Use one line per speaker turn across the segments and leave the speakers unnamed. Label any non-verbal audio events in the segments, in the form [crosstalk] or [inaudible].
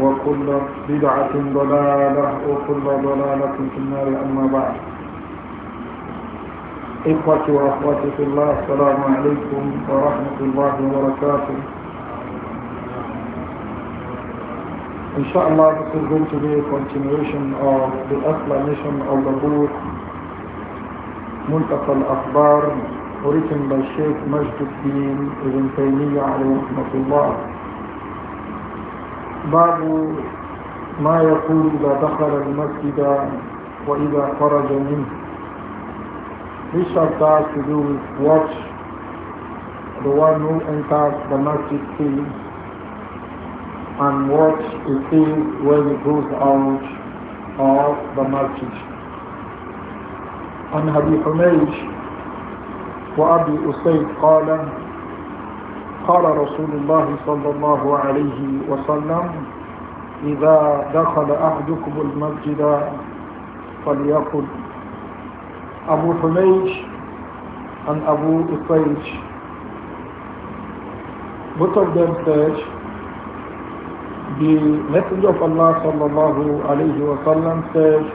وكل بدعة ضلالة وكل ضلالة في النار أما بعد إخوتي وأخواتي في الله السلام عليكم ورحمة الله وبركاته الله this is going to be a continuation of the explanation of the book ملتقى الأخبار written by Sheikh Majduddin Ibn Taymiyyah عليه رحمة الله باب ما يقول إذا دخل المسجد وإذا خرج منه This chapter has to do with what the one who enters the masjid field and watch he says when he goes out of the masjid. عن أبي حميد وأبي أسيد قال قال رسول الله صلى الله عليه وسلم إذا دخل أحدكم المسجد فليقل أبو حميج عن أبو إفريج بطل دم فريج بمسجد الله صلى الله عليه وسلم فريج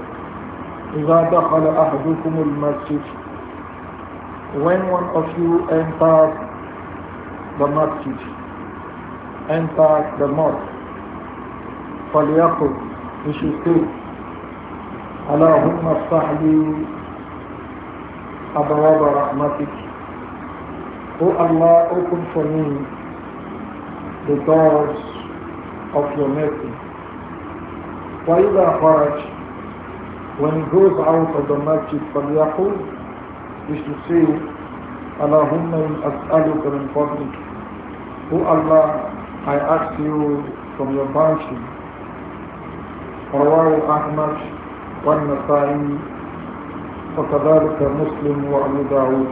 إذا دخل أحدكم المسجد when one of you enters the masjid, enter the mosque. فليقل he should say اللهم افتح لي أبواب رحمتك O Allah open for me the doors of your mercy وإذا خرج when he goes out of the masjid فليقل he should say اللهم إن أسألك من فضلك O Allah, I ask you from your bounty. رواه أحمد والنسائي وكذلك مسلم وأبو داود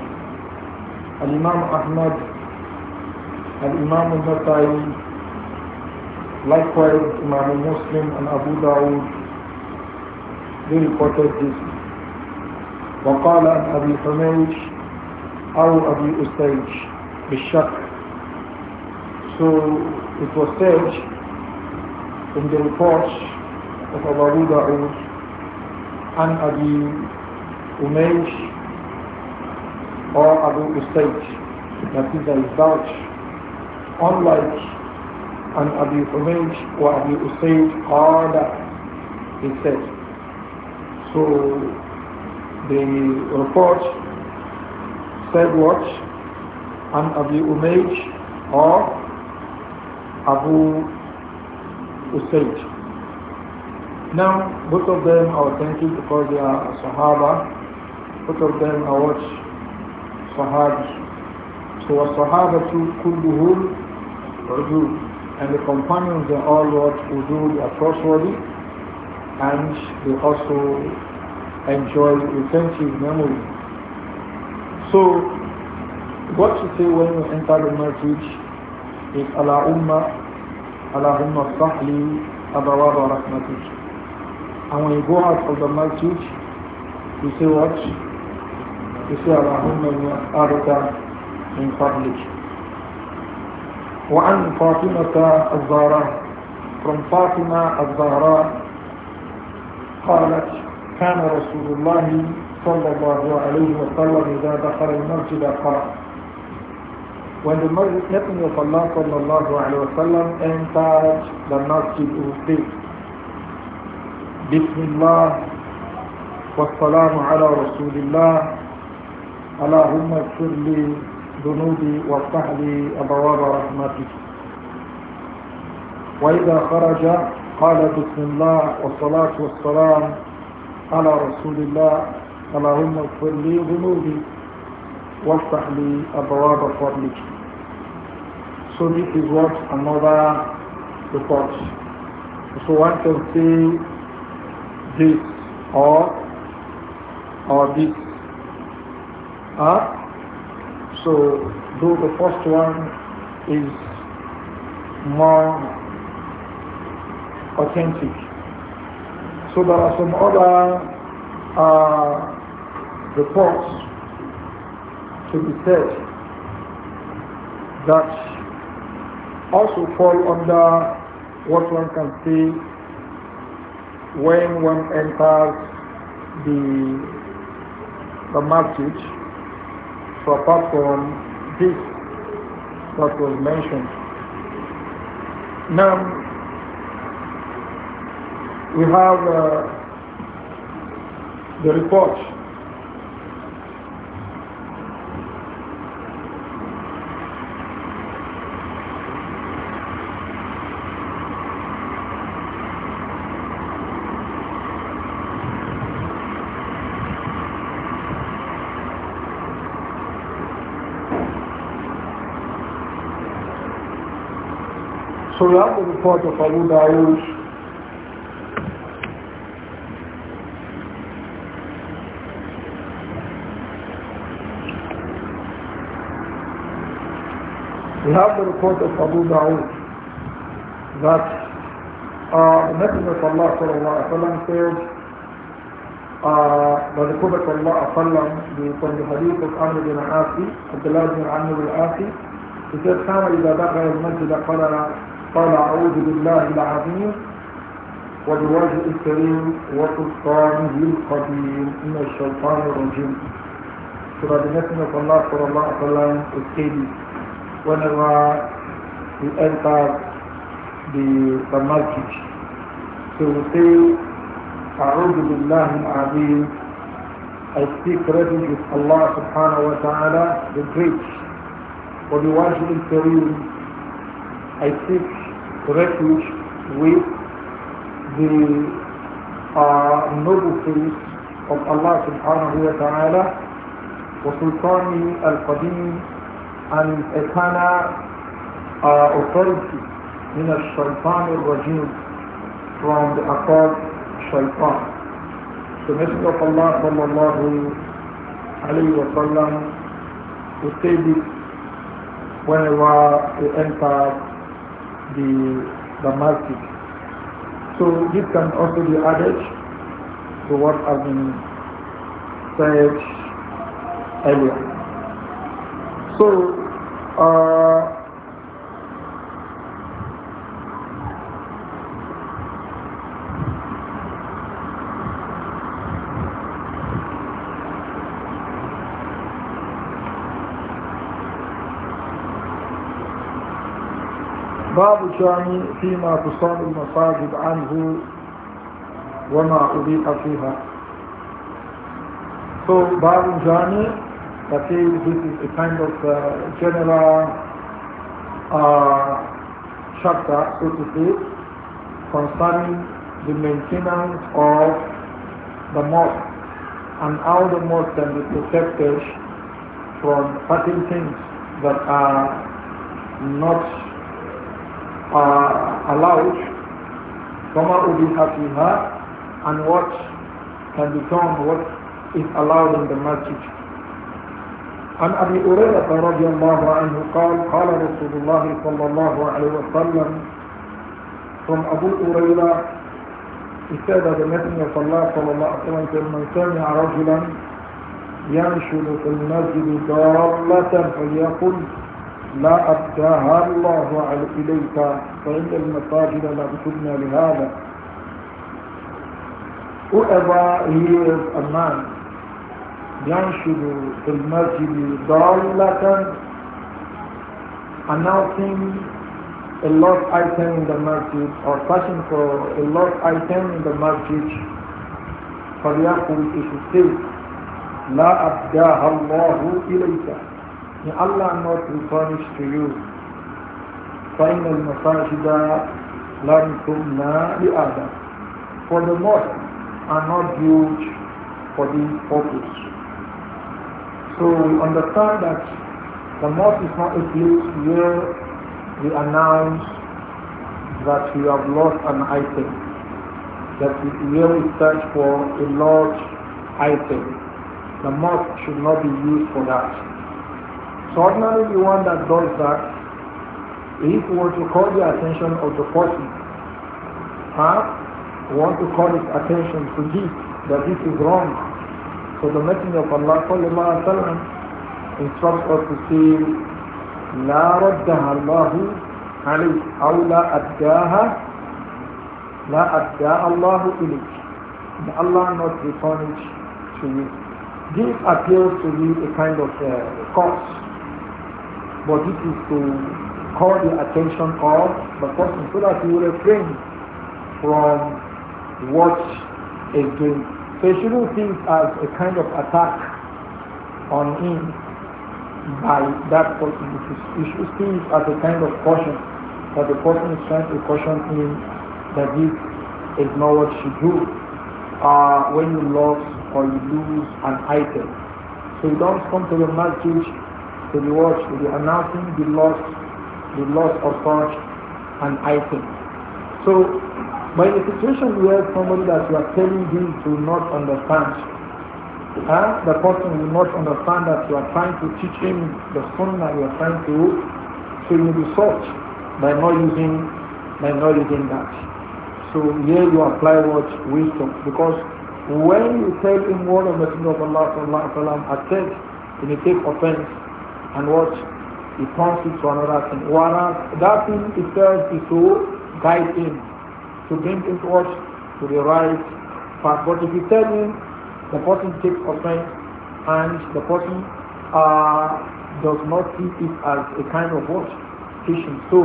الإمام أحمد الإمام النسائي likewise Imam Muslim and Abu Dawud they reported this وقال عن أبي حميد أو أبي أسيج بالشك so it was said in the report of Abu Da'ud and Abi Umayj or Abu Usaid that is a vouch unlike an Abi Umayj or Abi Ustaid or that he said. So the report said what? An Abi Umayj or Abu Usaid. Now, both of them are authentic because they are Sahaba. Both of them are what? Sahabi. So, a Sahaba to Kulluhul Udud. And the companions, are all what Udud, are trustworthy. And they also enjoy intensive memory. So, what to say when you enter the marriage اللهم اللهم افتح لي أبواب رحمتك and when you go out of the masjid you say what say من فضلك وعن فاطمة الزهراء from فاطمة الزهراء قالت كان رسول الله صلى الله عليه وسلم إذا دخل المسجد قال When the Messenger of Allah sallallahu alayhi wa sallam entered the masjid, he said, Bismillah, والسلام على رسول الله اللهم اغفر لي ذنوبي وافتح لي ابواب رحمتك واذا خرج قال بسم الله والصلاه والسلام على رسول الله اللهم اغفر لي ذنوبي وافتح لي أبواب فضلك So this is what another report. So one can say this or or this. Huh? So though the first one is more authentic. So there are some other uh, reports to be said that also fall under what one can see when one enters the the market. So apart from this that was mentioned. Now we have uh, the report So we have the report of Abu Dawood. We have the report of Abu Dawood that uh, the Messenger of Allah sallallahu said uh, by the Prophet sallallahu alaihi wasallam from the hadith of Amr bin Asi, Abdullah bin Amr bin Asi, he said, كان إذا دخل المسجد قرر قال أعوذ بالله العظيم والواجه الكريم وسلطانه القديم من الشيطان الرجيم سورة بنتنا صلى الله صلى الله عليه وسلم الكيدي ونرى بألقى بالمسجد سورتي أعوذ بالله العظيم I speak ready with Allah subhanahu wa ta'ala the great وبوجه الكريم I seek refuge with the uh, noble face of Allah subhanahu wa ta'ala al القديم and eternal uh, authority من al الرجيم from the occult shaitan. The Messenger of Allah sallallahu alayhi wa sallam would say this whenever he entered the, the masjid. So this can also be added to what has been said earlier. So uh, باب الشام فيما تصاب المساجد عنه وما أبيح فيها So Babun Jani, that is, this is a kind of uh, general uh, chapter, so to speak, concerning the maintenance of the mosque and how the mosque can be protected from certain things that are not are allowed, وَمَا أُبِيهَ فِيهَا and what can become what is allowed in the masjid. عن أبي هريرة رضي الله عنه قال قال رسول الله صلى الله عليه وسلم from Abu Huraira he said that صلى الله عليه وسلم said من سمع رجلا ينشد في المسجد ضالة فليقل لا أبداها الله على إليك فإن المساجد لا تكن لهذا Whoever hears a man ينشد في المسجد ضالة announcing a lost item in the masjid or searching for a lost item in the masjid فليقل it is safe لا أبداها الله إليك May Allah not replenish to you. فَإِنَّ الْمَسَاجِدَ لَمْ the other. For the mosque are not huge for this purpose. So we understand that the mosque is not a place where we announce that we have lost an item, that we really search for a large item. The mosque should not be used for that. So ordinarily the one that does that, if we want to call the attention of the person, huh? we want to call his attention to this, that this is wrong. So the Messenger of Allah sallallahu alaihi wasallam instructs us to say, لا ردها الله عليك أو لا أداها لا أدى الله إليك. May Allah not return it to you. This appeals to be a kind of uh, cause but this is to call the attention of the person so that he refrain from what is doing. So he shouldn't as a kind of attack on him by that person. You should see it as a kind of caution that the person is trying to caution him that this is not what you do uh, when you lose or you lose an item. So you don't come to the masjid to the watch, to be announcing the loss, the loss of such an item. So, by the situation where somebody that you are telling him to not understand, and the person will not understand that you are trying to teach him the sunnah you are trying to, so you will be sought by not using, by not using that. So here you apply what wisdom, because when you tell him what the Messenger of Allah sallallahu alaihi wasallam has said, he may take offense and what he turns it to another thing. Whereas that thing itself is to guide him, to bring him watch To the right path. But if you tell him the person takes offense and the person uh, does not see it as a kind of watch Teaching. So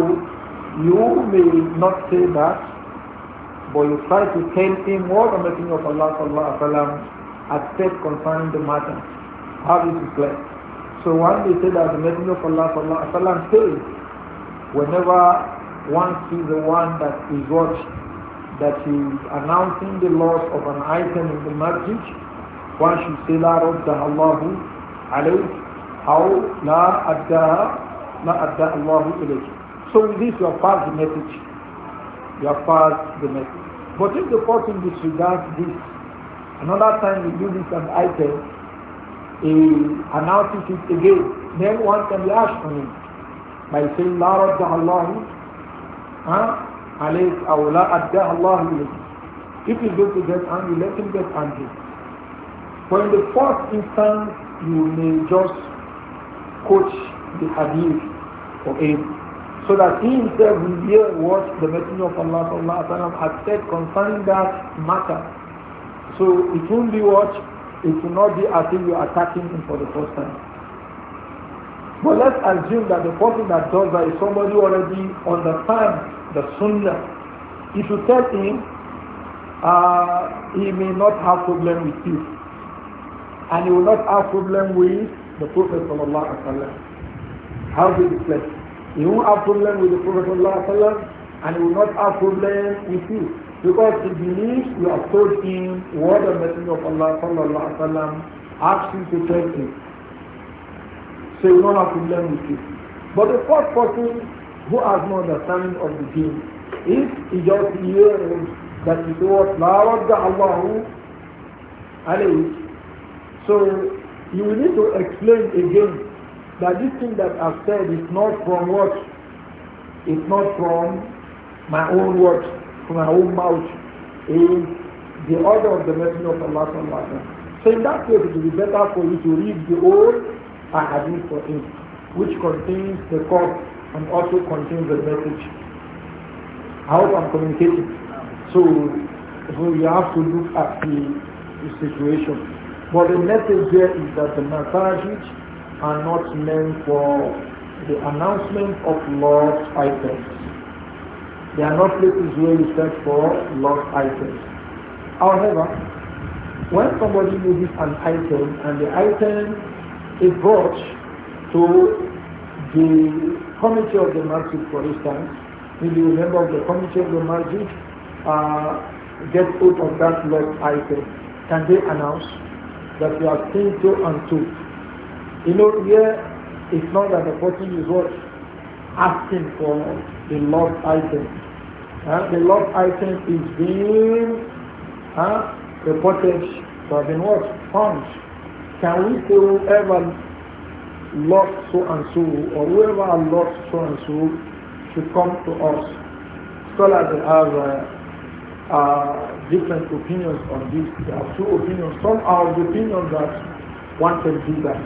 you may not say that, but you try to tell him what the making of Allah sallallahu alaihi wasallam concerning the matter. How is it blessed? So one they say that the Messenger of Allah sallallahu alaihi wasallam says, whenever one sees the one that is what that is announcing the loss of an item in the masjid, one should say La Raddaha Allahu alayh how La Addaha La Addaha Allahu ilayh. So with this you have passed the message. You have passed the message. But if the person disregards this, another time you do this an item, he announces it again, then one can be asked on him by saying, "La رد الله عليك أو لا أدى If you go to get angry, let him get angry. For in the first instance, you may just coach the hadith for him so that he himself will hear what the Messenger of Allah has said concerning that matter. So it won't be what it will not be as if you are attacking him for the first time. But let's assume that the person that does that is somebody already understands the sunnah. If you tell him, uh, he may not have problem with you. And he will not have problem with the Prophet sallallahu alaihi wasallam. How do you reflect? He won't have problem with the Prophet sallallahu alaihi wasallam, and he will not have problem with you. Because he believes you have told him what the Messenger of Allah sallallahu alaihi wasallam asked him to tell him. So you don't have to learn with it. But the first person who has no understanding of the deen, if he just hears that it was La Allah, Allahu alayhi. So you will need to explain again that this thing that I've said is not from what? It's not from my own words from her own mouth is the order of the message of Allah. So in that case, it will be better for you to read the old ahadith for him, which contains the cause and also contains the message. I hope I'm communicating. So, so you have to look at the, the situation. But the message there is that the masajid are not meant for the announcement of Lord's items. They are not places where you search for lost items. However, when somebody loses an item and the item is brought to the committee of the market for instance, maybe a member of the committee of the market uh, gets hold of that lost item, can they announce that you are seen to and to? You know, here it's not that the person is what asking for the lost item uh, the lost item is being uh, reported to have been what? Found. Can we say whoever lost so and so or whoever lost so and so should come to us? Scholars have uh, uh, different opinions on this. There are two opinions. Some are the opinion that one can do that.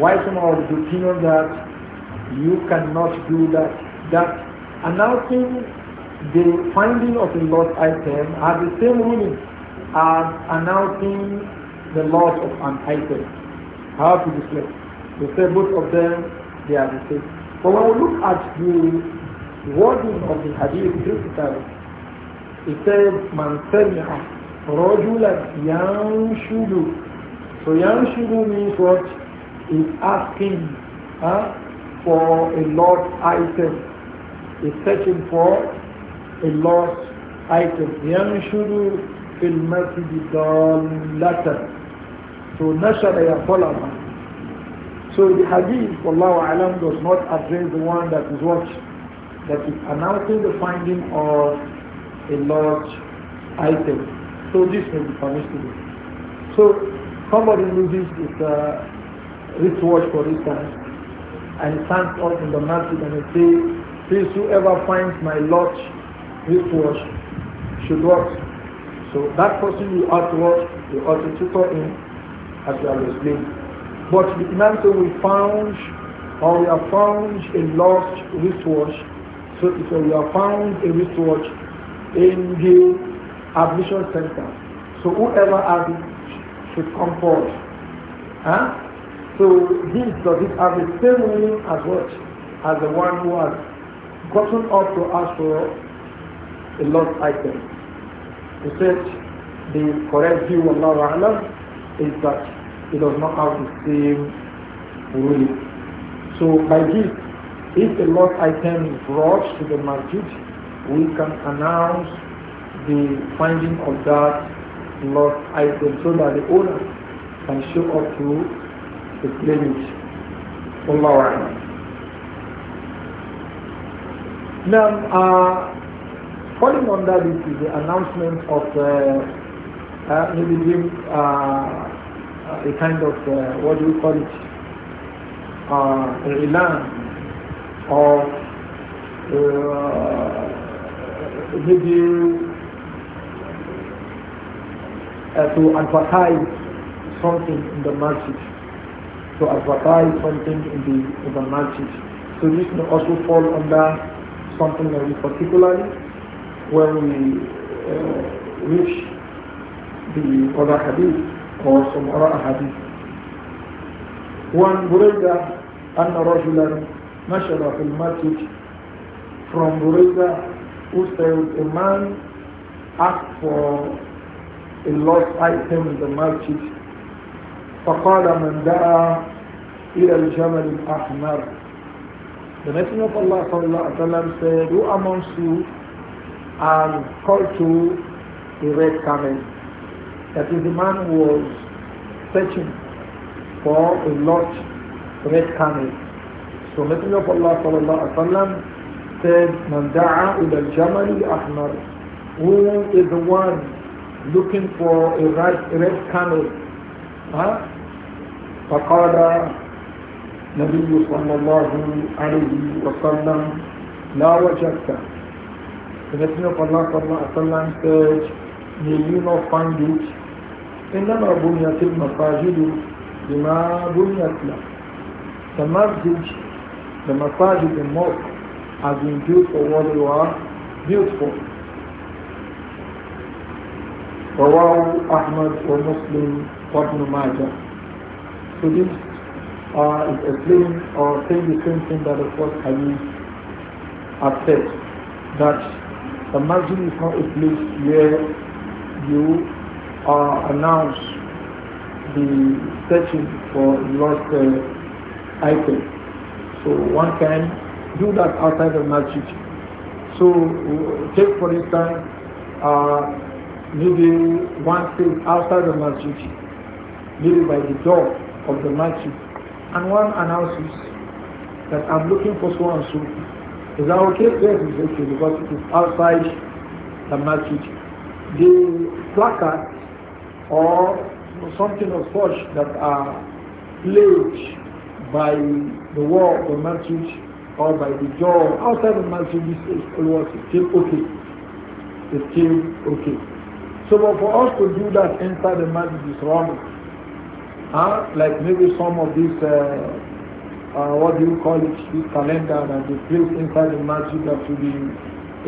Why some are the opinion that you cannot do that? That announcing the finding of a lost item has the same meaning as announcing the loss of an item. How to display? They say both of them, they are the same. But when we look at the wording of the hadith critically, it says, Man rojulah rajulan yanshudu. So yanshudu means what? Is asking huh, for a lost item. Is searching for a lost item. ينشر في المسجد ضالة. So نشر يطلب. So the hadith, Wallahu Alam, does not address the one that is what? That is announcing the finding of a large item. So this may be today. So somebody loses his uh, for for time, and stands up in the market and he says, please whoever finds my lodge wristwatch should work. So that person you ought to watch, you ought to tutor him as I have explained. But the we found or we have found a lost wristwatch. So, so we have found a wristwatch in the admission center. So whoever has it should come forward. Huh? So this does it have the same meaning as what? As the one who has gotten up to ask for a lost item. He said the correct view of Allah Alam is that he does not have the same ruling. So by this, if a lost item is brought to the market, we can announce the finding of that lost item so that the owner can show up to the claimant. Allah Now, uh, Falling under this is the announcement of uh, uh, maybe give uh, uh a kind of, uh, what do you call it, uh, an elan of uh, maybe uh, to advertise something in the market, to advertise something in the, in the market. So this may also fall under something very particularly when we uh, reach the other hadith or some other hadith. One Burayda أن رجلا نشر في المسجد from Burayda who said a man asked for a lost item in the market. فقال من دعا إلى الجمل الأحمر The Messenger of Allah صلى الله عليه وسلم said who amongst you and called to a red camel. That is, the man was searching for a lost red camel. So Messenger of Allah sallallahu alaihi wasallam said, "Man da'a ila al-jamali ahmar." Who is the one looking for a red, red camel? Huh? فقال النبي صلى الله عليه وسلم لا وجدته the Messenger of Allah sallallahu alaihi said, May you not find it. إنما بنيت المساجد بما بنيت له. The masjid, the masajid, the mosque has been built for what they were built for. رواه أحمد ومسلم وابن So this uh, is explaining or saying the same thing that the first hadith has said that the masjid is not a place where you uh, announce the searching for lost uh, item. So one can do that outside the masjid. So take for instance, uh, maybe one stays outside the masjid, maybe by the door of the masjid, and one announces that I'm looking for so and so is okay? Yes, it's okay because it is outside the market. The placard or something of such that are placed by the wall of the market or by the door outside the masjid is still okay. It's still okay. So but for us to do that inside the market is wrong. Huh? Like maybe some of these uh, uh, what do you call it, the calendar that they place inside the masjid that should be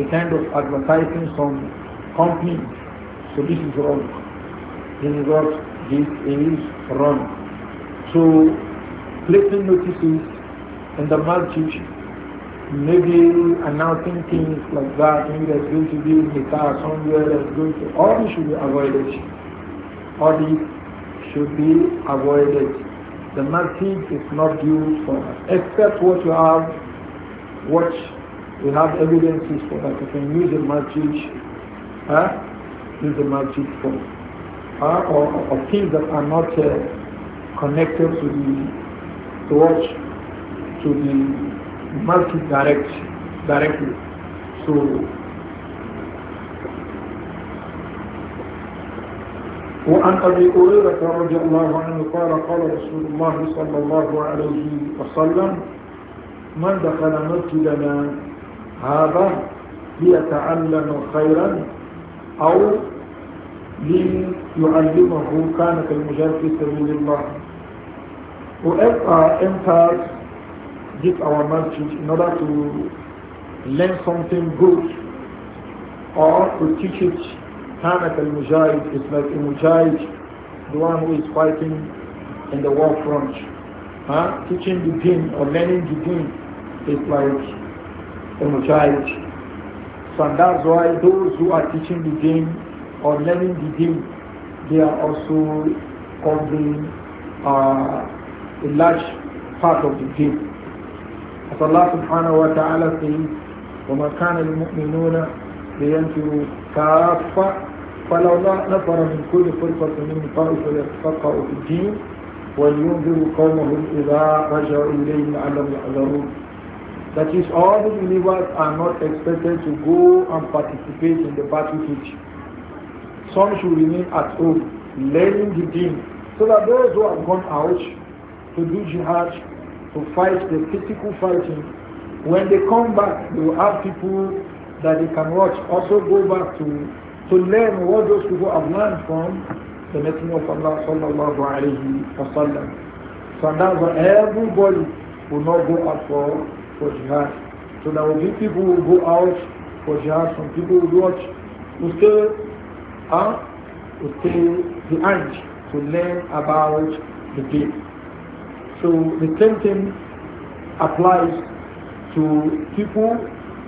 a kind of advertising some company. So this is wrong. In what this is wrong. So placing notices in the masjid, maybe announcing things like that, maybe there's going to be a car somewhere that's going to, all this should be avoided. All this should be avoided the magic is not used for Except what you have, what we have evidences for that. You can use the magic. huh? use the magic for, huh? or, or, or things that are not uh, connected to the to to the magic direct directly. So وعن أبي هريرة رضي الله عنه قال قال رسول الله صلى الله عليه وسلم من دخل مسجدنا هذا ليتعلم خيرا أو ليعلمه كان كالمجاهد في سبيل الله Whoever enters جيت our مسجد in order to learn something good or to teach it Hanak al-Mujahid is like a Mujahid, the one who is fighting in the war front. Huh? Teaching the deen or learning the deen is like a Mujahid. So that's why those who are teaching the deen or learning the deen, they are also covering uh, a large part of the deen. As Allah subhanahu wa ta'ala says, وَمَا كَانَ الْمُؤْمِنُونَ لينفروا كافة نفر من كل فرقة من طائفة في الدين قومهم إذا رجعوا إليهم لعلهم يحذرون That is, all the believers are not expected to go and participate in the battlefield. Some should remain at home, learning the deen, so that those who have gone out to do jihad, to fight the physical fighting, when they come back, they will have people that they can watch also go back to to learn what those people have learned from the Messenger of Allah sallallahu alayhi wa sallam. So now everybody will not go out for, for jihad. So there will be people who go out for jihad, some people who watch, who stay, huh? who stay behind to learn about the deen. So the same thing applies to people.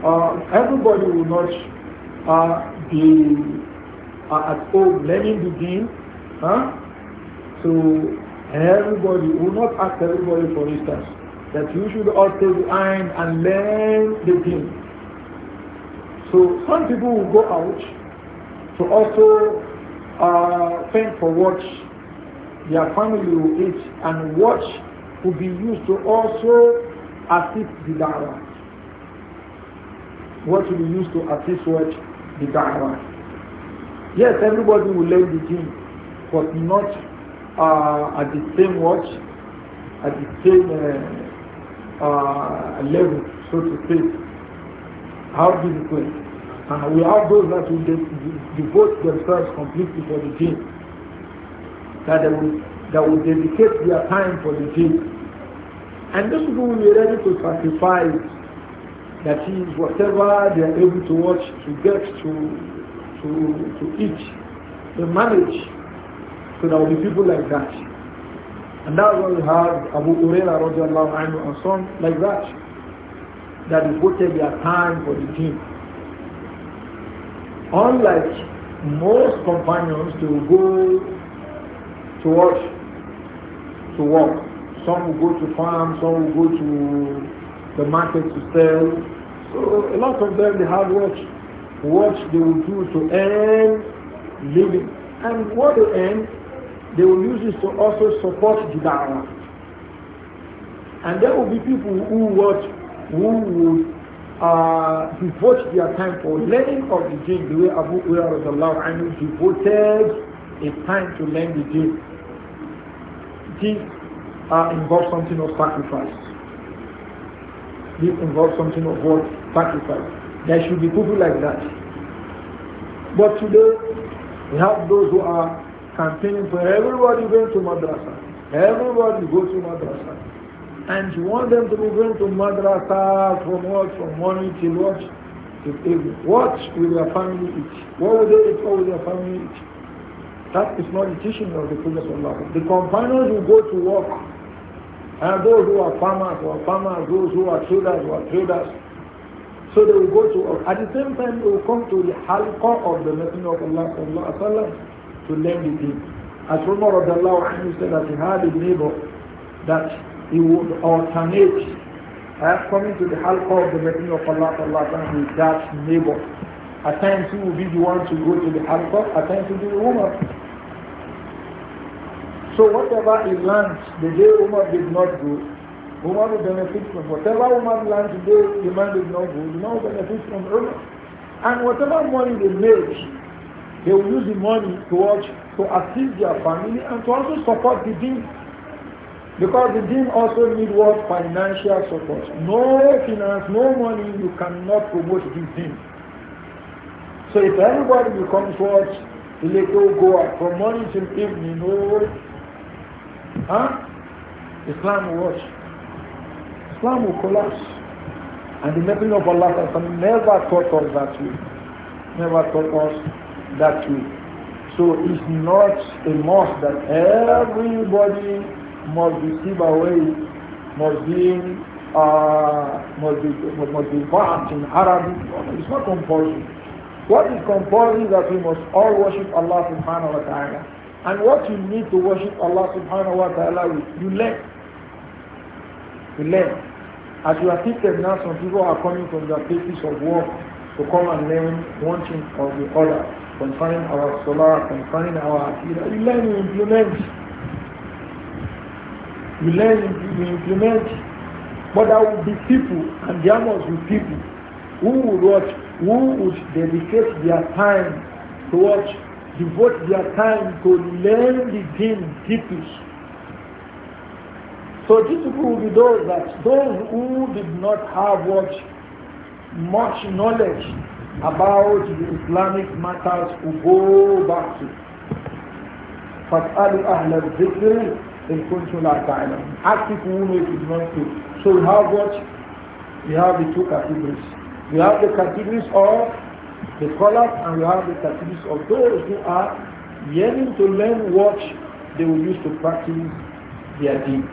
Uh, everybody will not uh, they are uh, at home learning the game, huh? so everybody will not ask everybody for instance that you should also behind and learn the game. So some people will go out to also uh, for what their family will eat and what will be used to also assist the da'wah. What will be used to assist what the da'wah. Yes, everybody will learn the gym, but not uh, at the same watch, at the same uh, uh, level, so to say. How difficult. And we have those that will devote themselves completely for the gym, that they will, that will dedicate their time for the gym, And those who will be ready to sacrifice that is, whatever they are able to watch, to get, to, to, to eat, they manage. So there will be people like that. And that's why we have Abu Uraira radiallahu anhu and some like that. That devoted their time for the team. Unlike most companions, they will go to watch, to work. Some will go to farm, some will go to the market to sell, a lot of them, they have what, what they will do to earn living. And what they earn, they will use this to also support the da'wah. And there will be people who watch who would uh, devote their time for learning of the deen the way Abu Ura anhu devoted a time to learn the deen. This uh, involves something of sacrifice. This involves something of work sacrifice. There should be people like that. But today, we have those who are campaigning for everybody going to madrasa. Everybody go to madrasa. And you want them to be going to madrasa from what? From morning till what? Till evening. What will their family eat? What will they eat? What will their family eat? That is not the teaching of the Prophet Allah. The companions who go to work, and those who are farmers, who are farmers, those who are traders, who are traders, so they will go to, at the same time, they will come to the halqa of the Messenger of Allah sallam, to learn the deen. As Umar anhu said that he had a neighbor that he would alternate have eh, coming to the halqa of the Messenger of Allah sallam, with that neighbor. At times he will be the one to go to the halqa, at times he will be the woman. So whatever he learned, the day Umar did not go, want to benefit from whatever Umar learned today, the man did not good, no benefit from Umar. And whatever money they make, they will use the money to watch, to assist their family and to also support the deen. Because the deen also need what? Financial support. No finance, no money, you cannot promote the deen. So if everybody becomes what? The little go out from morning till evening, no, huh? Islam will watch. Islam will collapse. And the Messenger of Allah never taught us that way. Never taught us that way. So it's not a must that everybody must be away, must be uh, must be must be burnt in Arabic. It's not compulsory. What is compulsory is that we must all worship Allah subhanahu wa ta'ala. And what you need to worship Allah subhanahu wa ta'ala with, you learn to learn. As you are seated now, some people are coming from their places of work to come and learn one thing or the other concerning our solar, concerning our akira. You learn, you implement. You learn, you implement. But there will be people, and there must be people, who would watch, who would dedicate their time to watch, devote their time to learn the thing deeply so this people will be those that those who did not have what much knowledge about the Islamic matters will go back to. فَاسْأَلُوا أَهْلَ الذِّكْرِ إِن كُنْتُمْ لَا تَعْلَمُونَ Ask people who know it is not true. So we have what? We have the two categories. We have the categories of the scholars and we have the categories of those who are yearning to learn what they will use to practice their deeds.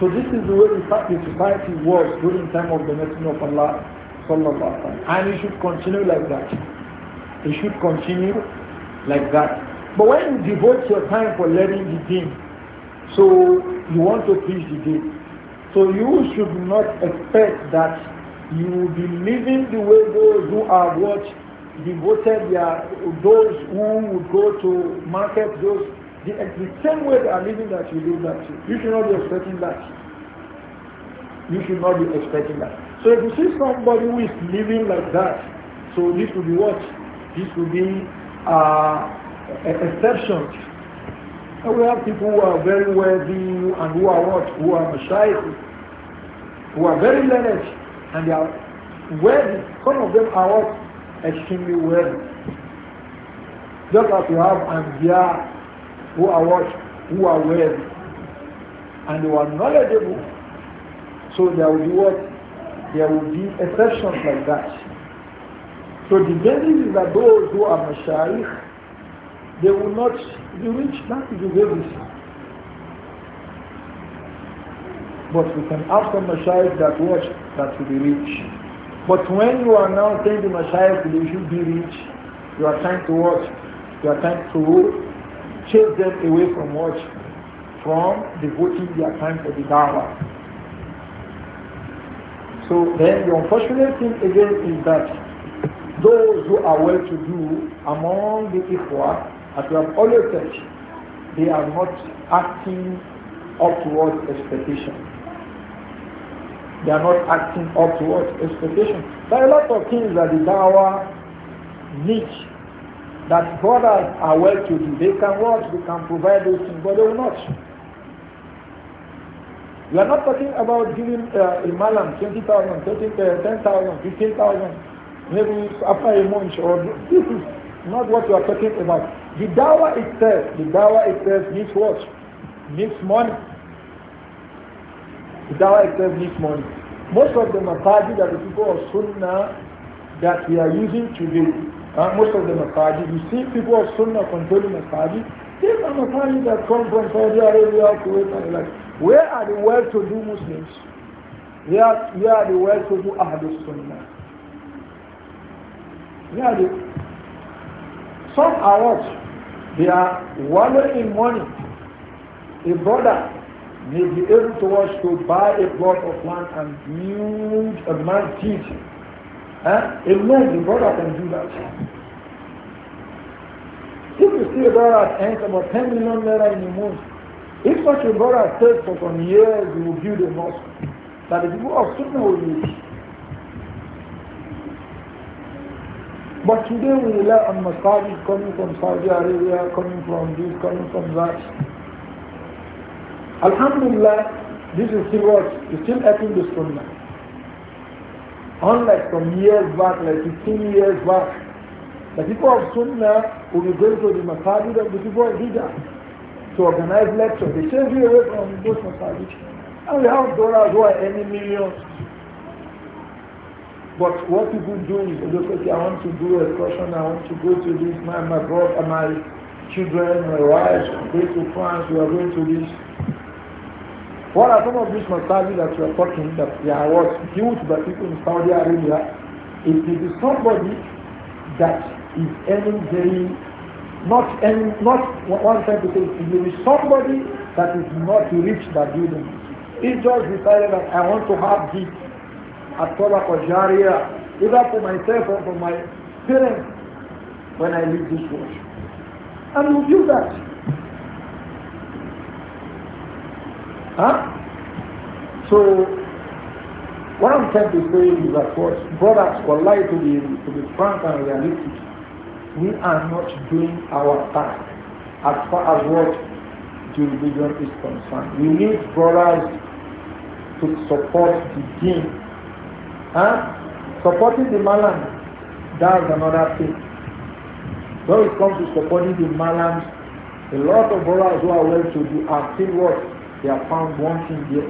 So this is the way in fact the society was during the time of the Messenger of Allah sallallahu And it should continue like that. It should continue like that. But when you devote your time for learning the deen, so you want to preach the deen. So you should not expect that you will be living the way those who are what devoted are those who would go to market, those the, the same way they are living that you live that too. You should not be expecting that. You should not be expecting that. So if you see somebody who is living like that, so this will be what? This will be uh, exceptions. And we have people who are very wealthy and who are what? Who are Mashiach, who are very learned and they are wealthy. Some of them are what? Extremely wealthy. Just as you have Anbiya who are what? Who are wealthy and who are knowledgeable. So there will be what? There will be exceptions like that. So the basis is that those who are mashayikh, they will not be rich. to the basis. But we can ask the mashayikh that watch that to be rich. But when you are now saying the mashayikh, they should be rich, you are trying to watch, you are trying to chase them away from what? From devoting their time for the dawah. So then the unfortunate thing again is that those who are well to do among the ikhwa, as we have always said, they are not acting up towards expectation. They are not acting up towards expectation. There are a lot of things that the dawah needs that brothers are well to do. They can watch, they can provide those things, but they will not. We are not talking about giving uh, a malam 20,000, 10,000, uh, 15,000, maybe after a month or [laughs] this is not what we are talking about. The dawah itself, the dawah itself needs what? Needs money. The dawah itself needs money. Most of the masajid that the people of Sunnah that we are using today uh, most of the masajid, you see people of Sunnah controlling masajid. These are masajid that come from Saudi Arabia, Kuwait, and like. Where are the well-to-do Muslims? Where, are, where are the well-to-do Ahlul Sunnah? Where are the, some are what? They are wallowing in money. A brother may be able to watch to buy a plot of land and build a masjid Huh? It man, the brother can do that. If you see a brother earns about 10 million naira in anymore, if such a brother stays for some years, he will build a mosque that the people of Sunnah will use. But today we rely on masajid coming from Saudi Arabia, coming from this, coming from that. Alhamdulillah, this is still what? It's still acting from now. Unlike some years back, like 15 years back, the people of Sunnah will be going to the masajid of the people of Hijab to organize lectures. They chase you away from those masajid. And we have dollars who are any millions. But what people do is, okay, I want to do a question, I want to go to this, my, my brother, my children, my wife, I'm going to France, we are going to this. What are some of these masajid that you are talking that they are what used by people in Saudi Arabia? If it is somebody that is earning very not not one time to say it is somebody that is not rich that building. He just decided that I want to have this at Tola Qajaria, either for myself or for my parents when I leave this world. And we do that. Huh? So, what I'm trying to say is that what brothers were like to be, to be frank and realistic, we are not doing our task as far as what jurisdiction is concerned. We need brothers to support the team. Huh? Supporting the malam, that's another thing. When it comes to supporting the malams, a lot of brothers who are well to do are still what? they have found one thing here.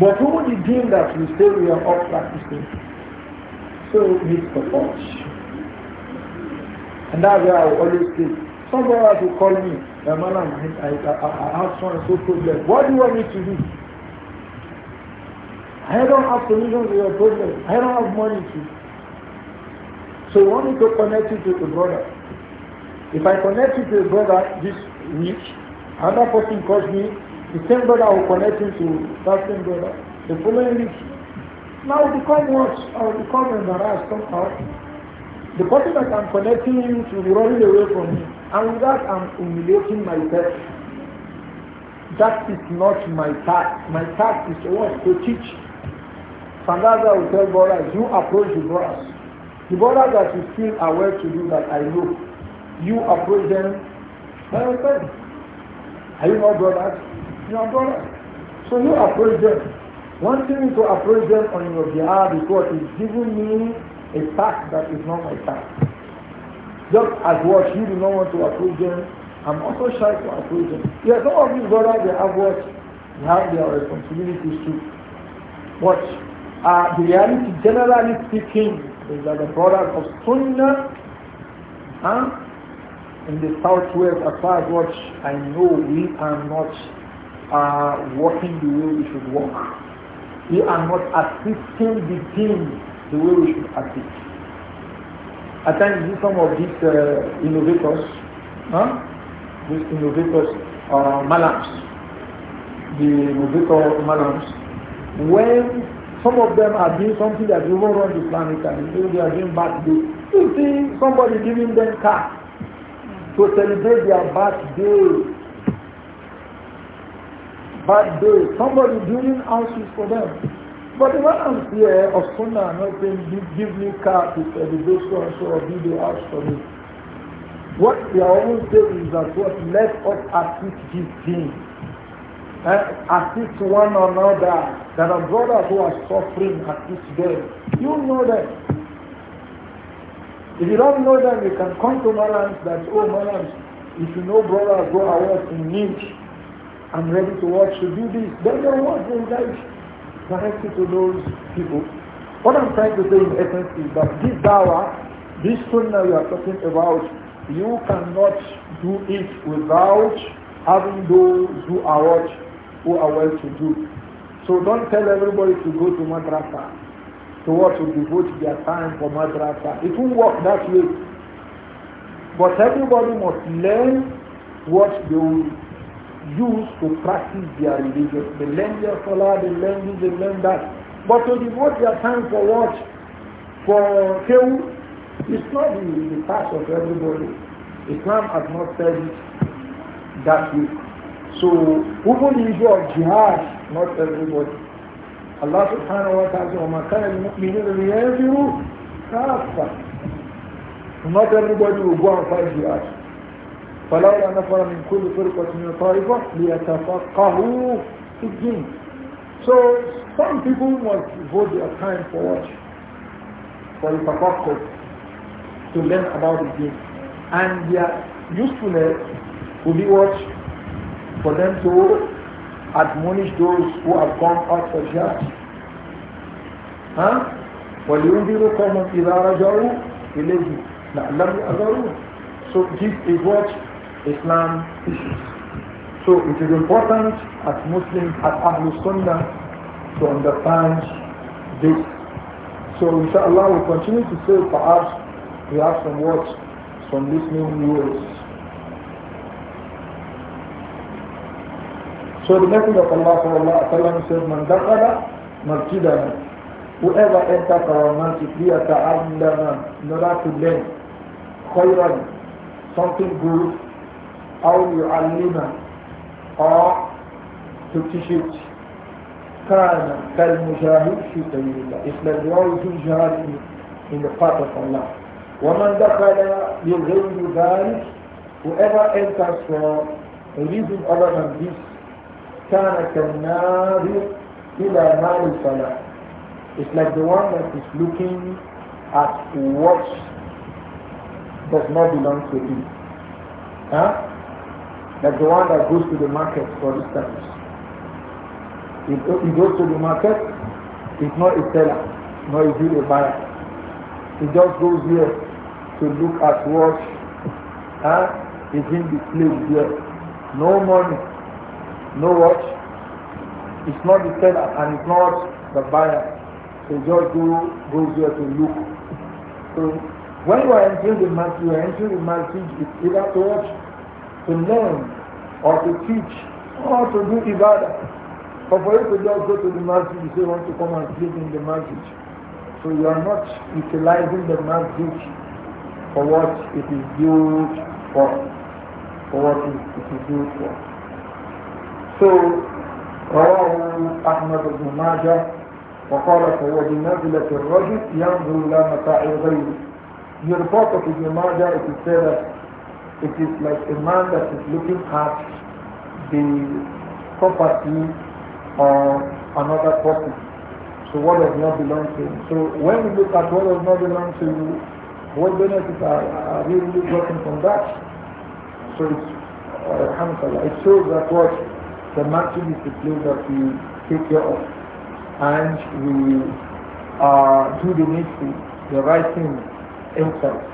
But who would deem that we say we are all practicing? So it's the fault. And that's why I always say, Somebody else will call me, I, I, I, have so and so problem. What do I need to do? I don't have solution to your problem. I don't have money to. So I want me to connect you to the brother. If I connect you to the brother this week, Another person calls me, the same brother will connect him to that same brother. The following week, now the become worse, I will become embarrassed somehow. The person that I'm connecting him to be running away from me, and with that I'm humiliating myself. That is not my task. My task is what? To teach. Sandaza will tell brothers, you approach the brothers. The brothers that you feel are to do that I know, you approach them by yourself. Are you my brothers? You are brothers. So you approach them. One thing to approach them on your behalf is it's giving me a task that is not my task. Just as what you do not want to approach them, I'm also shy to approach them. Yeah, some of these brothers they have what they have their responsibilities too. watch. uh, the reality generally speaking is that the brothers of Sunnah huh, in the southwest, as far as what I know, we are not uh, working the way we should work. We are not assisting the team the way we should assist. At times, some of these uh, innovators, huh? these innovators, uh, malams, the innovator malams, when some of them are doing something that want run the planet and they are doing bad things. you see somebody giving them car to celebrate their birthday. Birthday. Somebody doing houses for them. But I'm here of Sunnah not saying, give me car to celebrate so and so or build a house for me. What they are always saying is that what let us assist this thing. Uh, assist one another. That our brothers who are suffering, assist them. You know that. If you don't know them, you can come to Malams that, oh Malams, if you know brother, go out in need. I'm ready to watch to do this. Then your work will guide directly to those people. What I'm trying to say in essence is that this dawah, this sunnah you are talking about, you cannot do it without having those who are watch, who are well to do. So don't tell everybody to go to madrasa to what to devote their time for madrasa. It won't work that way. But everybody must learn what they will use to practice their religion. They learn their salah, they learn this, they learn that. But to devote their time for what? For kill, it's not the, the task of everybody. Islam has not said it that way. So, who will enjoy? jihad, not everybody. الله سبحانه وتعالى وما كان المؤمنين ليغفروا كافة Not everybody will go and fight jihad. فلولا نفر من كل فرقة من طائفة ليتفقهوا في الدين. So some people must devote their time for what? For the tafakkur, to learn about the deen. And their usefulness will be what? For them to admonish those who have gone out for jihad. Huh? وَلِيُنْذِرُ قَوْمًا إِذَا رَجَعُوا إِلَيْهِ لَعْلَمْ يَأْذَرُونَ So this is what Islam teaches. So it is important as Muslims, as Ahlul Sunnah, to understand this. So inshallah we continue to say perhaps we have some words, this listening words. So the Messenger of Allah sallallahu alayhi wa said, Man dakhala masjidana. Whoever enters our masjid, we are ta'allama, in order to learn, khayran, something good, aw yu'allima, or to teach it. كان كالمجاهد في سبيل الله. It's like the one who jihad in the path of Allah. ومن دخل لغير ذلك whoever enters for a reason other than this كان كالنار إلى It's like the one that is looking at what does not belong to him. Huh? Like the one that goes to the market for instance. He, he goes to the market, he's not a seller, nor is he a buyer. He just goes here to look at what huh, is in the place here. No money, no what? It's not the seller and it's not the buyer. So just go, goes there to look. So when you are entering the market, you are entering the market it's either to watch, to learn, or to teach, or to do ibadah. But for you to just go to the market, you say you want to come and sleep in the market. So you are not utilizing the market for what it is used for. For what it is used for so رواه أحمد بن ماجه وقال فهو بنزلة الرجل ينظر إلى متاع الغير يربط في ابن ماجه it is said that it is like a man that is looking at the property of another person so what does not belong to him so when you look at what does not belong to you what benefits are, are really gotten from that so it's uh, it shows that what the market is the place that we take care of and we uh, do the needful, the right thing inside.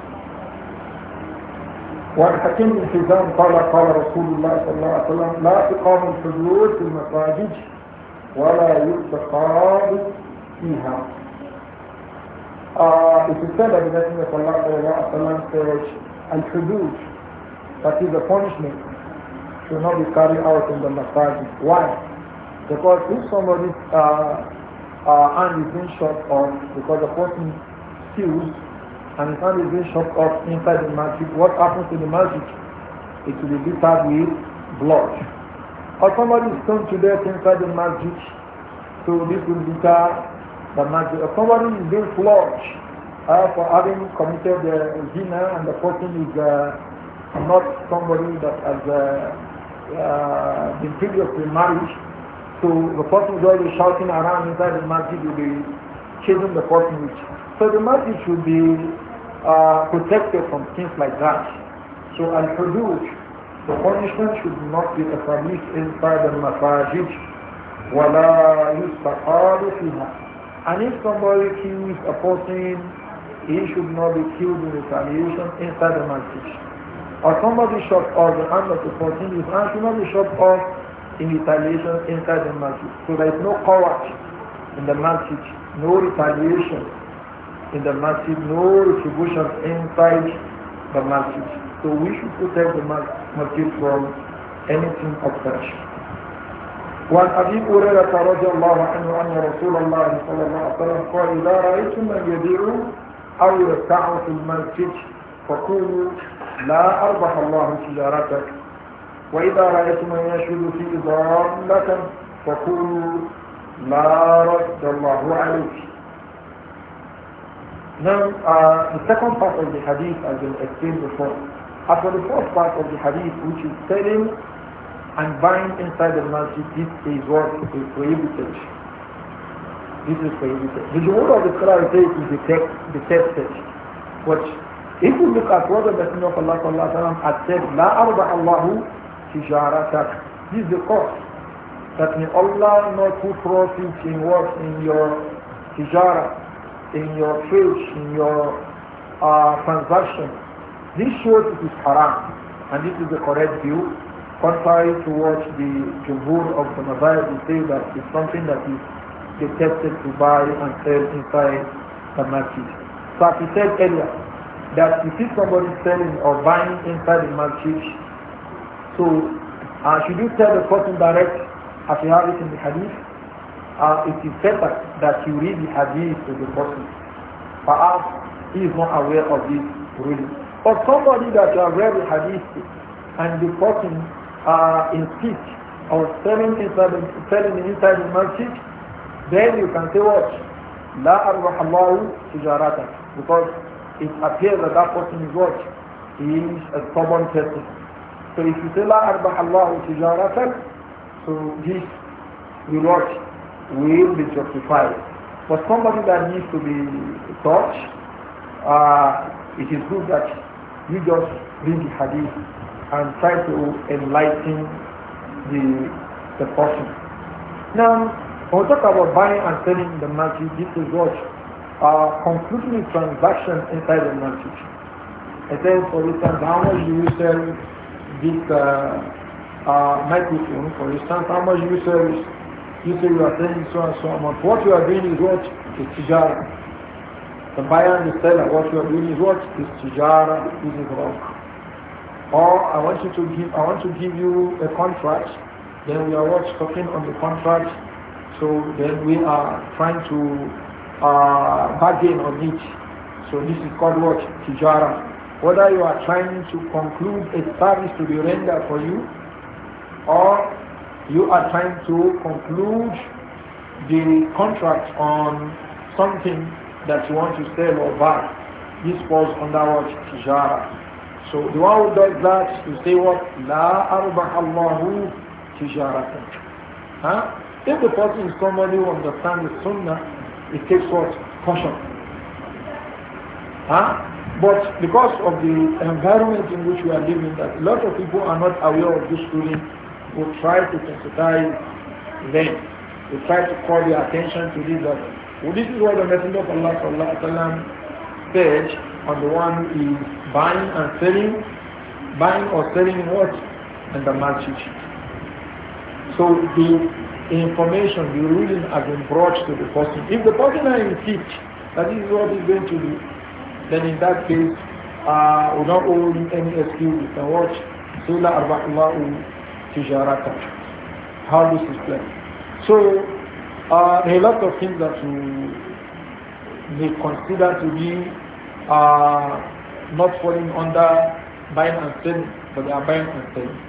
وعن حكيم بن حزام قال قال رسول الله صلى الله عليه وسلم لا تقام الحدود في المساجد ولا يتقام فيها uh, it is said that the Messenger of Allah said, Al-Hudud, that is a punishment, should not be carried out in the masjid. Why? Because if somebody's uh, uh, hand is being shot off because the person steals and his hand is being shot off inside the masjid, what happens to the masjid? It will be littered with blood. Or somebody is stoned to death inside the masjid, so this will litter the masjid. Or somebody is being flogged uh, for having committed the zina and the person is uh, not somebody that has uh, uh, been previously marriage, so the person is already shouting around inside the masjid, will be chasing the person. So the masjid should be uh, protected from things like that. So al-hudud, the punishment should not be established inside the masjid. وَلَا يُسْتَقَالُ فِيهَا And if somebody kills a person, he should not be killed in retaliation inside the masjid. Or somebody shot or the hand of the 14 years and somebody shot off in retaliation inside the masjid. So there is no courage in the masjid, no retaliation in the masjid, no retribution inside the masjid. So we should protect the masjid from anything of such. وعن ابي هريره رضي الله عنه ان رسول الله صلى الله عليه وسلم قال اذا رايتم من يبيع او يرتع في المسجد فقولوا لا أربح الله تجارتك وإذا رأيت من يشهد في ضالة فقولوا لا رد الله عليك Now, uh, the second part of the hadith has been explained before. after the first part of the hadith, which is telling and buying inside the masjid, this is what is prohibited. This is prohibited. The word of the Quran says is the text, the text, if you look at what the Messenger of Allah sallallahu had said, La arba الله تجارتك, This is the cost. That may Allah not put profit in what? In your tijara, in your trade, in your uh, transaction. This shows it is haram. And this is the correct view. Contrary to what the jumhur of the Mazayah they say that it's something that is detested to buy and sell inside the market. So as he said earlier, that you see somebody selling or buying inside the masjid, so uh, should you tell the person direct as you have it in the hadith? Uh, it is better that you read the hadith to the person. Perhaps he is not aware of this really. Or somebody that you have read the hadith and the person uh, speech or selling inside, selling inside the masjid, then you can say "Watch, لا أربح الله تجارتك because it appears that that person is what? He is a stubborn person. So if you say, La arbah Allahu tijaratak, so this reward will be justified. But somebody that needs to be taught, uh, it is good that you just read the hadith and try to enlighten the, the person. Now, when we talk about buying and selling the magic, this is what are concluding transactions inside the market. And then for instance, how much do you sell this uh, uh, microphone, for instance, how much you say you are selling so and so amount. What you are doing is what? Is tijara. The buyer and the seller, what you are doing is what? Is tijara, it is wrong. Or I want you to give I want to give you a contract, then we are what talking on the contract. So then we are trying to uh, bargain on it. So this is called what? Tijara. Whether you are trying to conclude a service to be rendered for you or you are trying to conclude the contract on something that you want to sell or buy. This falls under what? Tijara. So the one who does that, to say what? La arbah Allahu tijaratan. Huh? If the person is somebody who understands the sunnah, it takes what? Caution. Huh? But because of the environment in which we are living, that a lot of people are not aware of this ruling, we we'll try to sensitize them. We we'll try to call their attention to this. That, well, this is what the Messenger of Allah sallallahu said on the one who is buying and selling, buying or selling what? And the masjid. So the information, the ruling has been brought to the person. If the person I insist that this is what he's going to do, then in that case, uh, we don't owe any excuse. You can watch Sula Arba'ullahu Tijarata. How this is planned. So, uh, there are a lot of things that you may consider to be uh, not falling under buying and selling, but they are buying and selling.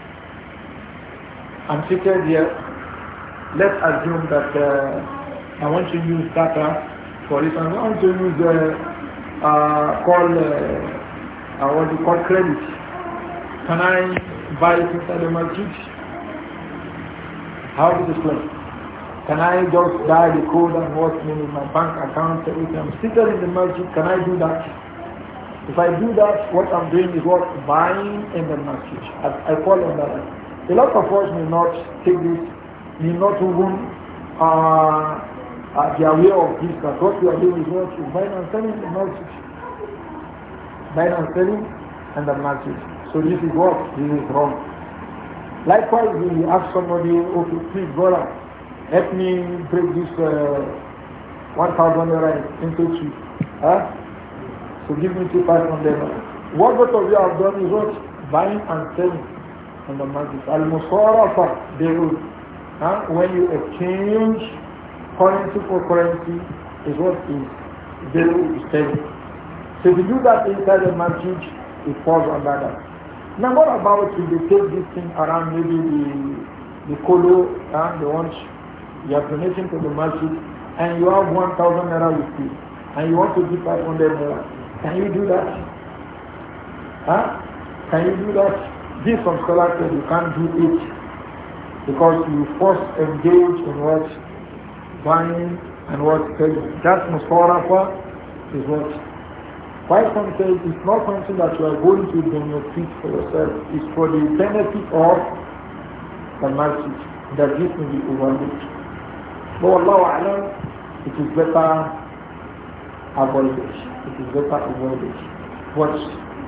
I'm seated here let's assume that uh, I want to use data for this. I want to use uh, uh, call, uh, I uh, want to call credit. Can I buy it inside the market? How is it play? Can I just buy the code and what's in my bank account? If I'm sitting in the market, can I do that? If I do that, what I'm doing is what buying in the market. I, I fall that. A lot of us may not take this may not even uh, uh, be aware of this, that what you are doing is not true. Buying and selling the message. Buying and selling and the message. So this is what? This is wrong. Likewise, we ask somebody, okay, please, brother, help me break this uh, 1,000 thousand euro into two. Huh? So give me two five hundred What both of you have done is what? Buying and selling on the market. Al-Musarafa, the rule. Huh? When you exchange currency for currency is what is very steady. So if you do that inside the masjid, it falls under that. Now what about if you take this thing around maybe the, the colo uh, the ones you are donating to the masjid, and you have 1,000 naira with you, and you want to give 500 naira. Can you do that? Huh? Can you do that? This from scholars said you can't do it because you first engage in what? Buying and what selling. That Musarafa is what? Why some say it's not something that you are going to do your feet for yourself. It's for the benefit of the masses that this may be overlooked. But Allah Alam, it is better avoid it. It is better avoid it. But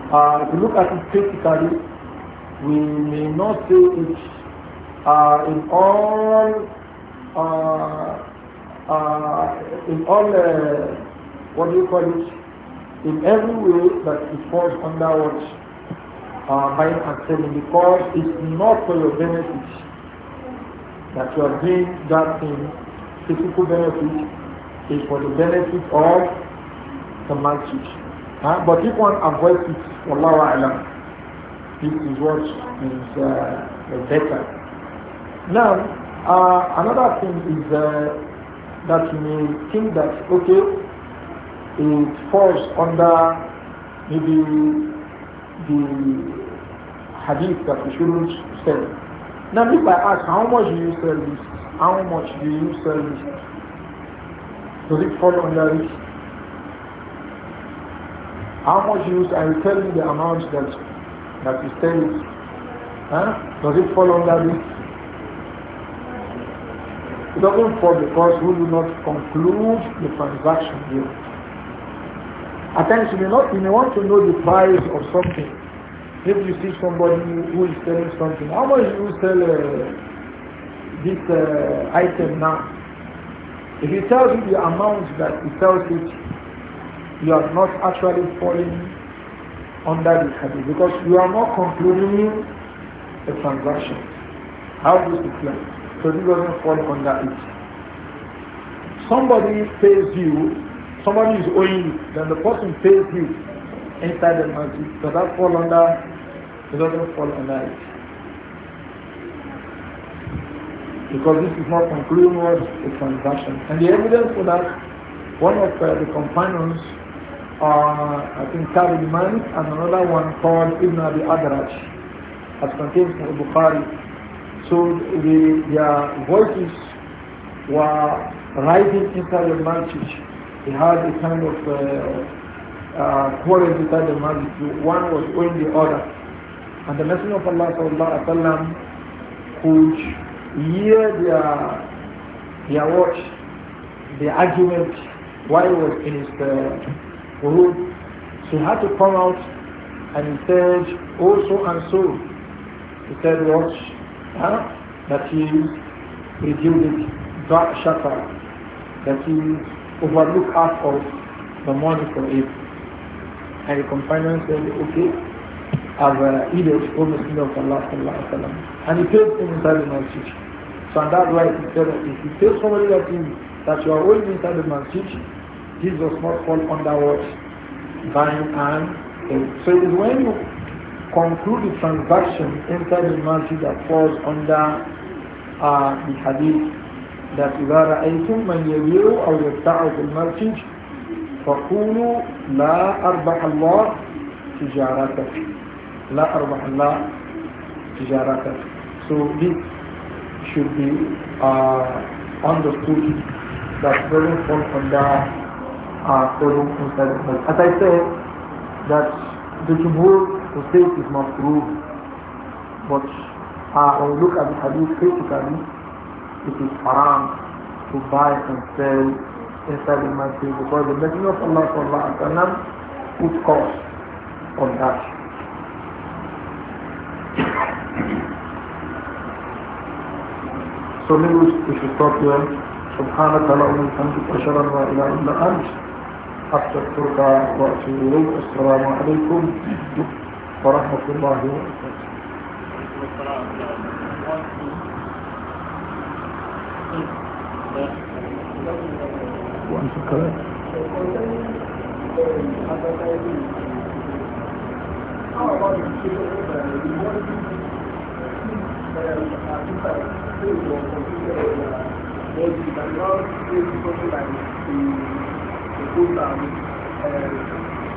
uh, if you look at it critically, we may not say it uh, in all uh, uh in all uh, what do you call it in every way that it falls under what uh, buying and selling because it's not for your benefit that you are doing that thing physical benefit is for the benefit of the masjid. Huh? But if one avoids it, for Alam, this is what is uh, better. Now, uh, another thing is uh, that you may think that, okay, it falls under maybe the hadith that we shouldn't sell. Now, if I ask, how much do you sell this? How much do you sell this? Does it fall under it? How much sell? I will tell you the amount that that is sold. Huh? Does it fall under this? It doesn't fall because we do not conclude the transaction here. At times you may, not, you may want to know the price of something. If you see somebody who is selling something, how much you sell uh, this uh, item now? If he tells you the amount that he tells it, you are not actually falling under the habit because you are not concluding a transaction. How does it play? So this doesn't fall under it. Somebody pays you, somebody is owing you, then the person pays you inside the masjid. Does that fall under? It doesn't fall under it. Because this is not concluding towards a transaction. And the evidence for that, one of uh, the companions, uh, I think Khalid Malik and another one called Ibn Abi Adraj, as contained in Bukhari, so the, their voices were rising inside the masjid. They had a kind of uh, uh, quarrel inside the masjid. One was owing the other. And the Messenger of Allah sallam, could hear their, their words, the argument why he was in his uh, room. So he had to come out and he said, also oh, and so. He said, watch huh? that he reviewed dark shutter, that he overlooked half of the money for it. And the companion said, okay, I've uh, eaten O Messenger of Allah sallallahu alayhi wa And he paid him inside the masjid. So that's why he said that if you tell somebody that you, that you are always inside the masjid, this does not fall under what? Buying and so it is when you conclude the transaction inside the masjid that falls under uh, the hadith that إذا رأيتم من يبيع أو يبتاع في المسجد فقولوا لا أربح الله تجارتك لا أربح الله تجارتك so this should be uh, understood that doesn't fall under uh, inside the As I said that the Jumhur to say it is not true. But uh, when we look at the hadith critically, it is haram to buy and sell inside the masjid because the Messenger of Allah sallallahu alaihi wasallam put cost on that. So maybe we should stop here. سبحانك اللهم وبحمدك أشهد أن لا إله إلا أنت أستغفرك وأتوب إليك السلام عليكم ورحمة الله وبركاته
وأنت كذلك Thank you.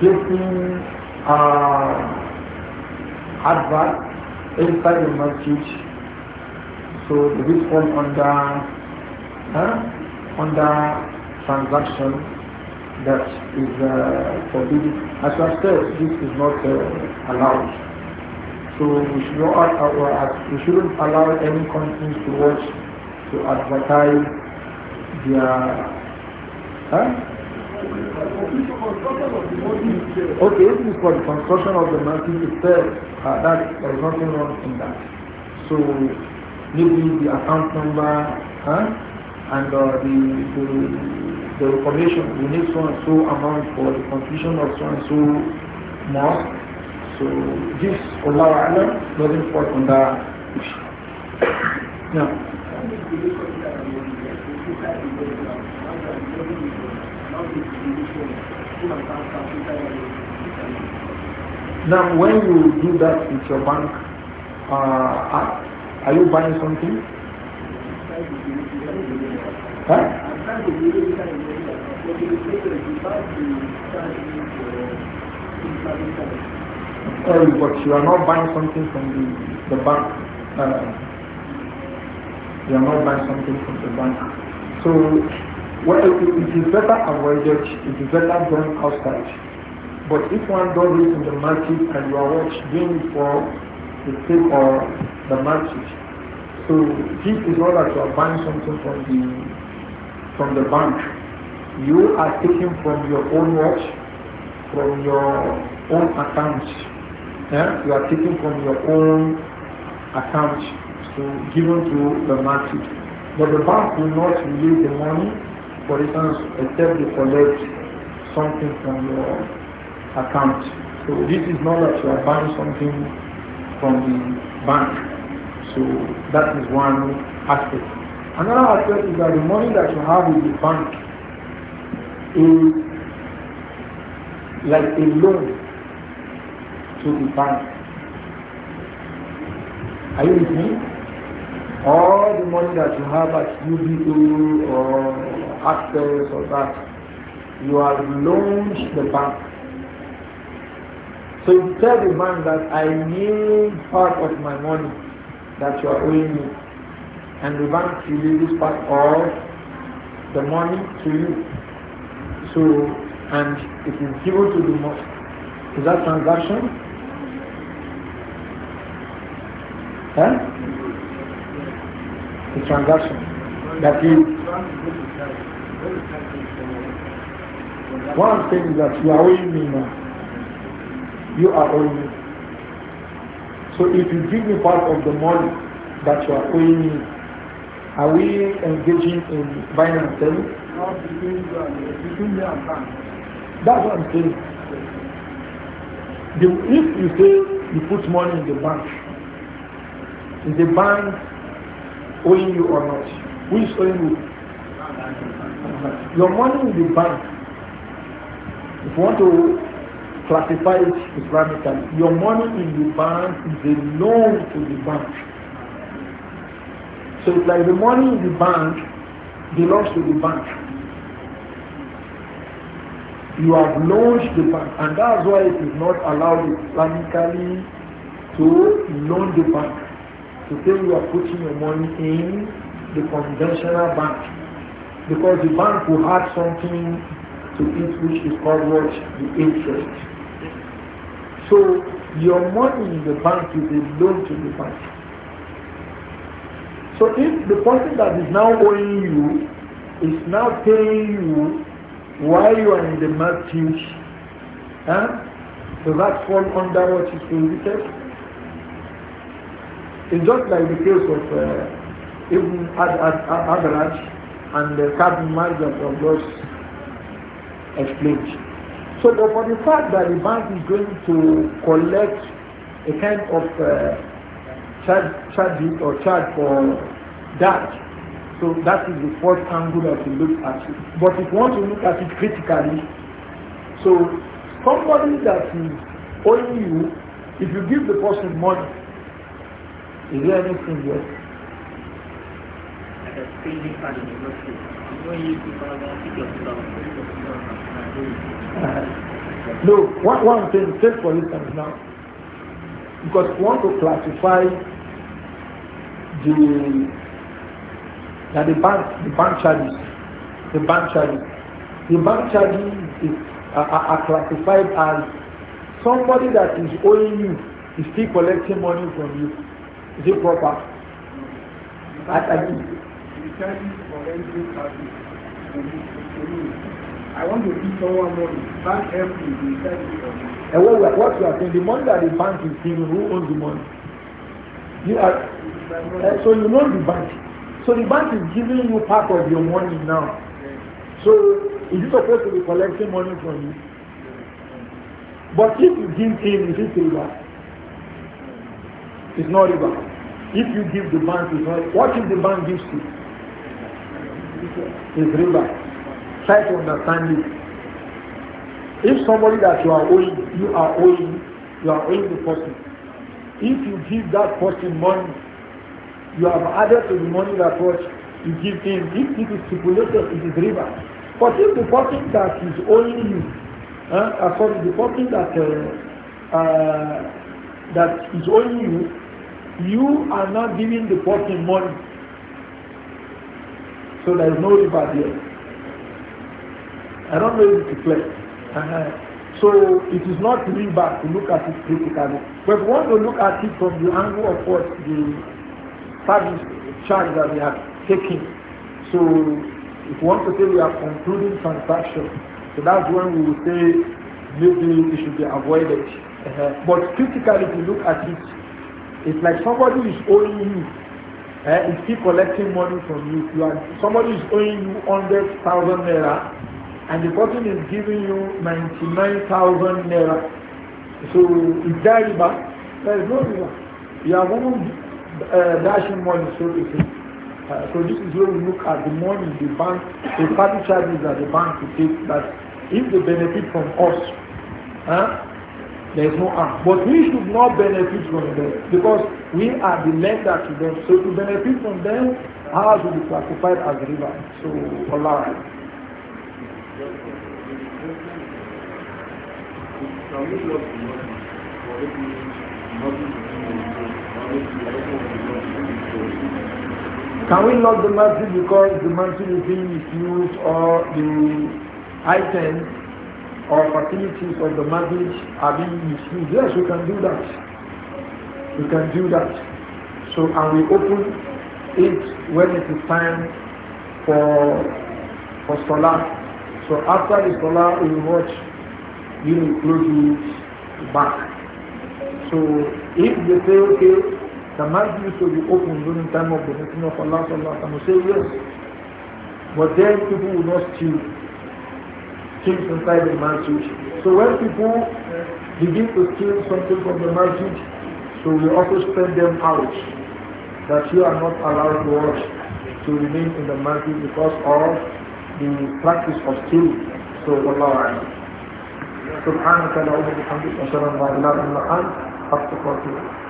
placing uh, advert inside the masjid. So this fall under under transaction that is uh, forbidden. As I said, this is not uh, allowed. So we should not we shouldn't allow any companies to watch to advertise their huh?
Okay,
this is for the construction of the mountain itself, uh, that there is nothing wrong in that. So maybe the account number huh? and uh, the, the the information we need so and so amount for the completion of so and so mosque. So this Allah Alam doesn't fall under now. Yeah. Now, when you do that with your bank, uh, are you buying something? Huh? Sorry, but you are not buying something from the, the bank. Uh, you are not buying something from the bank. So well, it is better avoided, it is better going outside. But if one does it in the market and you are watching for the sake of the market, so this is not that you are buying something from the from the bank. You are taking from your own watch, from your own account. Yeah? You are taking from your own account to so given to the market. But the bank will not release the money for instance, a except you collect something from your account. So this is not that you are buying something from the bank. So that is one aspect. Another aspect is that the money that you have in the bank is like a loan to the bank. Are you with me? All the money that you have at UBO or access or that you have loaned the bank. So you tell the bank that I need part of my money that you are owing me. And the bank releases part of the money to you. So, and it is given to the mosque. Is that transaction? Huh? The transaction. That
is one thing is that you are
owing me now. You are owing me. So if you give me part of the money that you are owing me, are we engaging in buying and selling? That's what I'm saying. The, if you say you put money in the bank, is the bank owing you or not? Who is owing you? Your money will be bank. If you want to classify it Islamically, your money in the bank is a loan to the bank. So it's like the money in the bank belongs to the bank. You have loaned the bank, and that's why it is not allowed Islamically to loan the bank. To say you are putting your money in the conventional bank. Because the bank will add something to it which is called what? The interest. So your money in the bank is a loan to the bank. So if the person that is now owing you is now paying you while you are in the market, huh? so that falls under what is prohibited. It's just like the case of uh, Ibn Ad Ad Ad Adraj, and the carbon margin of those explained. So for the fact that the bank is going to collect a kind of uh, charge, charge or charge for that, so that is the first angle that we look at it. But if you want to look at it critically, so somebody that is owing you, if you give the person money, is there anything there? Uh, no, one, one thing, take for instance now, because we want to classify the that the bank the bank charges the bank charges the bank charges is, are, are classified as somebody that is owing you is still collecting money from you is it proper I, I,
charges for
rendering service I want to give someone money. Bank help me with charges for me. And what, what you are saying, the money that the bank is giving, who owns the money?
You are, uh, so
you know the bank. So the bank is giving you part of your money now. So is it supposed to be collecting money from you? But if you give him, is it riba? It's not riba. If you give the bank, it's not. What if the bank gives you? is river. Try to understand it. If somebody that you are owing, you are owing, you are owing the person. If you give that person money, you have added to the money that was you give him. If it is stipulated, it is river, But if the person that is owing you, uh, sorry, the person that uh, uh, that is owing you, you are not giving the person money. So there is no river here. I don't know if it's clear. Uh-huh. So it is not river to look at it critically. But we want to look at it from the angle of what the service charge that they have taken. So if we want to say we are concluding transaction, so that's when we will say maybe it should be avoided. Uh -huh. But critically, if you look at it, it's like somebody is owing you eh, is still collecting money from you. you are, somebody is owing you 100,000 naira and the person is giving you 99,000 naira. So it's that riba? There is no riba. You are only uh, dashing money, so to say. Uh, eh, so this is where we look at the money the bank, the party charges that the bank will take that if they benefit from us, huh, there is no harm. But we should not benefit from them because we are the lender to them. So to benefit from them, ours will be classified as river. So Allah. Can we lock the masjid because the masjid is being misused or the items or facilities of the masjid are being misused? Yes, we can do that. We can do that. So, and we open it when it is time for, for Salah. So after the Salah, we watch, you will close it back. So if they say, okay, the masjid will be open during time of the meeting of Allah, Salah, and we say yes. But then people will not steal things inside the masjid. So when people begin to steal something from the masjid, so we also send them out that you are not allowed to watch to remain in the market because of the practice of stealing. So Allah سبحانك اللهم وبحمدك اشهد ان لا اله الا انت استغفرك